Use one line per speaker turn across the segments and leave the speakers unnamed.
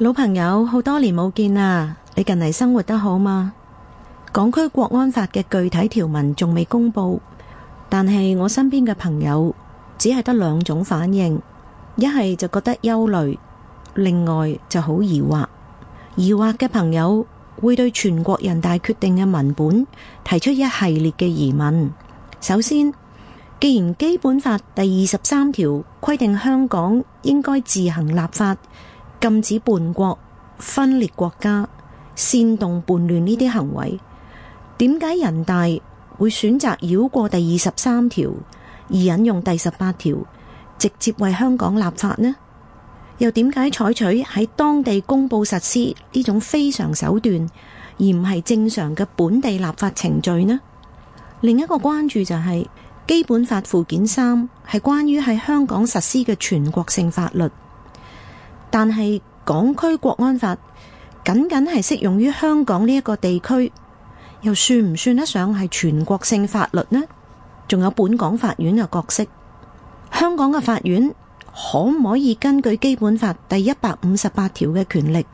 老朋友，好多年冇見啦！你近嚟生活得好嗎？港區國安法嘅具體條文仲未公布，但係我身邊嘅朋友只係得兩種反應：一係就覺得憂慮，另外就好疑惑。疑惑嘅朋友會對全國人大決定嘅文本提出一系列嘅疑問。首先，既然基本法第二十三條規定香港應該自行立法。禁止叛國、分裂國家、煽動叛亂呢啲行為，點解人大會選擇繞過第二十三條而引用第十八條，直接為香港立法呢？又點解採取喺當地公布實施呢種非常手段，而唔係正常嘅本地立法程序呢？另一個關注就係、是《基本法》附件三係關於喺香港實施嘅全國性法律。但係港區國安法僅僅係適用於香港呢一個地區，又算唔算得上係全國性法律呢？仲有本港法院嘅角色，香港嘅法院可唔可以根據基本法第一百五十八條嘅權力，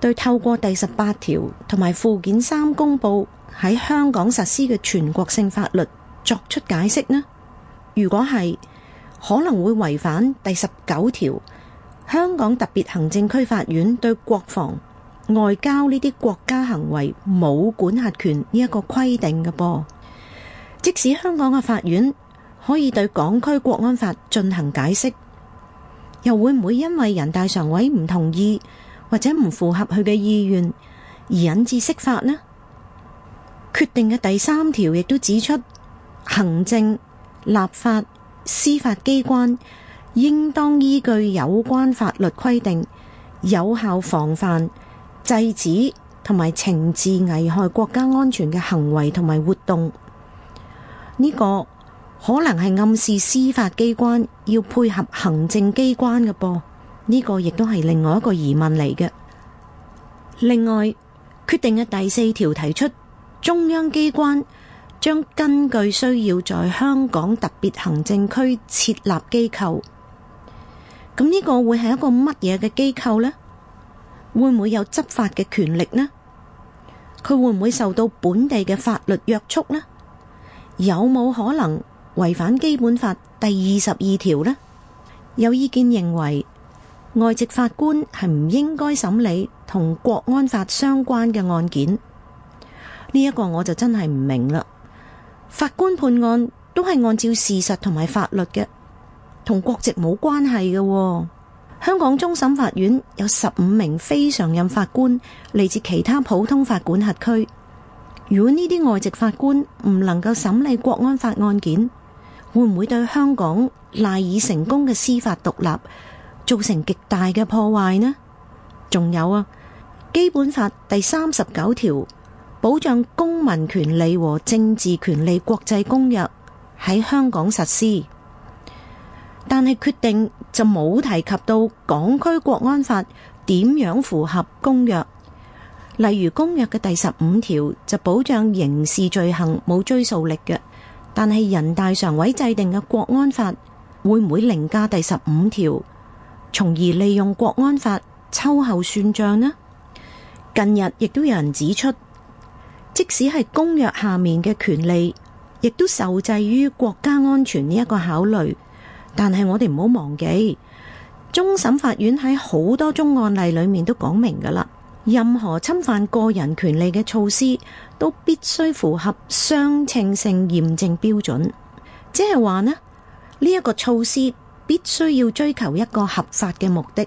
對透過第十八條同埋附件三公布喺香港實施嘅全國性法律作出解釋呢？如果係，可能會違反第十九條。香港特別行政區法院對國防、外交呢啲國家行為冇管轄權呢一個規定嘅噃，即使香港嘅法院可以對港區國安法進行解釋，又會唔會因為人大常委唔同意或者唔符合佢嘅意願而引致釋法呢？決定嘅第三條亦都指出，行政、立法、司法機關，應當依據有關法律規定，有效防範、制止同埋懲治危害國家安全嘅行為同埋活動。呢個可能係暗示司法機關要配合行政機關嘅噃。呢個亦都係另外一個疑問嚟嘅。另外，決定嘅第四條提出，中央機關將根據需要在香港特別行政區設立機構。咁呢個會係一個乜嘢嘅機構呢？會唔會有執法嘅權力呢？佢會唔會受到本地嘅法律約束呢？有冇可能違反基本法第二十二條呢？有意見認為外籍法官係唔應該審理同國安法相關嘅案件。呢一個我就真係唔明啦。法官判案都係按照事實同埋法律嘅。同國籍冇關係嘅，哦，香港終審法院有十五名非常任法官，嚟自其他普通法管轄區。如果呢啲外籍法官唔能夠審理國安法案件，會唔會對香港賴以成功嘅司法獨立造成極大嘅破壞呢？仲有啊，《基本法》第三十九條保障公民權利和政治權利國際公約喺香港實施。但係決定就冇提及到港區國安法點樣符合公約，例如公約嘅第十五條就保障刑事罪行冇追溯力嘅。但係人大常委制定嘅國安法會唔會凌駕第十五條，從而利用國安法秋後算賬呢？近日亦都有人指出，即使係公約下面嘅權利，亦都受制於國家安全呢一個考慮。但係我哋唔好忘記，終審法院喺好多宗案例裏面都講明噶啦，任何侵犯個人權利嘅措施都必須符合相稱性驗證標準，即係話呢呢一個措施必須要追求一個合法嘅目的，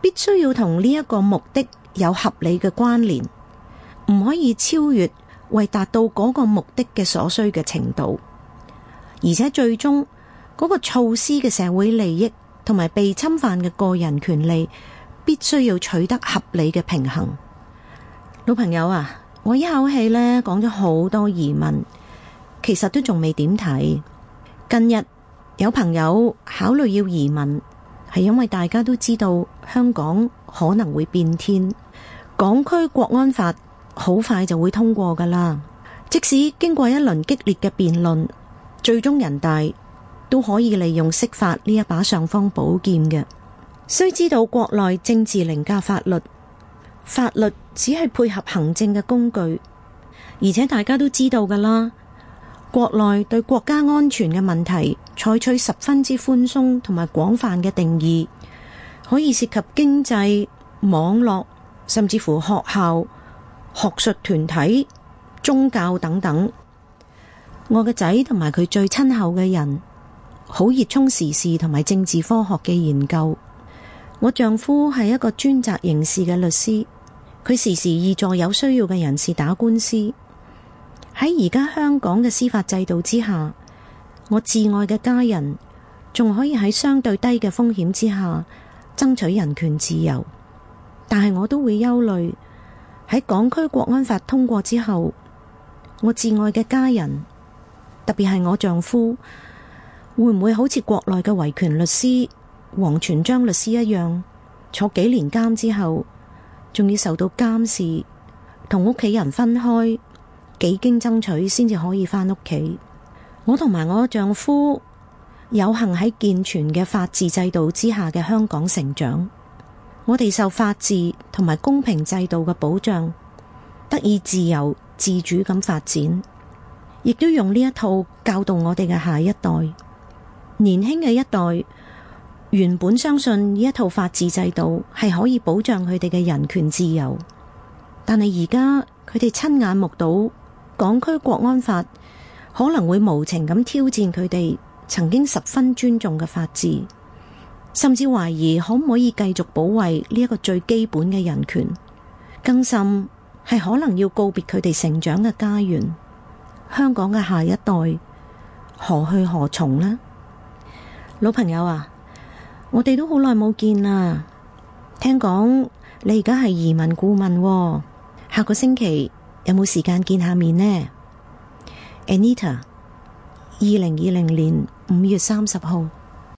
必須要同呢一個目的有合理嘅關聯，唔可以超越為達到嗰個目的嘅所需嘅程度，而且最終。嗰個措施嘅社會利益同埋被侵犯嘅個人權利，必須要取得合理嘅平衡。老朋友啊，我一口氣呢講咗好多疑問，其實都仲未點睇。近日有朋友考慮要移民，係因為大家都知道香港可能會變天，港區國安法好快就會通過噶啦。即使經過一輪激烈嘅辯論，最終人大。都可以利用釋法呢一把上方寶劍嘅。雖知道國內政治凌駕法律，法律只係配合行政嘅工具。而且大家都知道噶啦，國內對國家安全嘅問題採取十分之寬鬆同埋廣泛嘅定義，可以涉及經濟、網絡，甚至乎學校、學術團體、宗教等等。我個仔同埋佢最親厚嘅人。好熱衷時事同埋政治科學嘅研究。我丈夫係一個專責刑事嘅律師，佢時時義助有需要嘅人士打官司。喺而家香港嘅司法制度之下，我至愛嘅家人仲可以喺相對低嘅風險之下爭取人權自由，但係我都會憂慮，喺港區國安法通過之後，我至愛嘅家人，特別係我丈夫。會唔會好似國內嘅維權律師王全璋律師一樣坐幾年監之後，仲要受到監視，同屋企人分開，幾經爭取先至可以返屋企？我同埋我丈夫有幸喺健全嘅法治制度之下嘅香港成長，我哋受法治同埋公平制度嘅保障，得以自由自主咁發展，亦都用呢一套教導我哋嘅下一代。年輕嘅一代原本相信呢一套法治制度係可以保障佢哋嘅人權自由，但係而家佢哋親眼目睹港區國安法可能會無情咁挑戰佢哋曾經十分尊重嘅法治，甚至懷疑可唔可以繼續保衛呢一個最基本嘅人權，更甚係可能要告別佢哋成長嘅家園。香港嘅下一代何去何從呢？老朋友啊，我哋都好耐冇見啦。聽講你而家係移民顧問喎，下個星期有冇時間見下面呢？Anita，二零二零年五月三十號。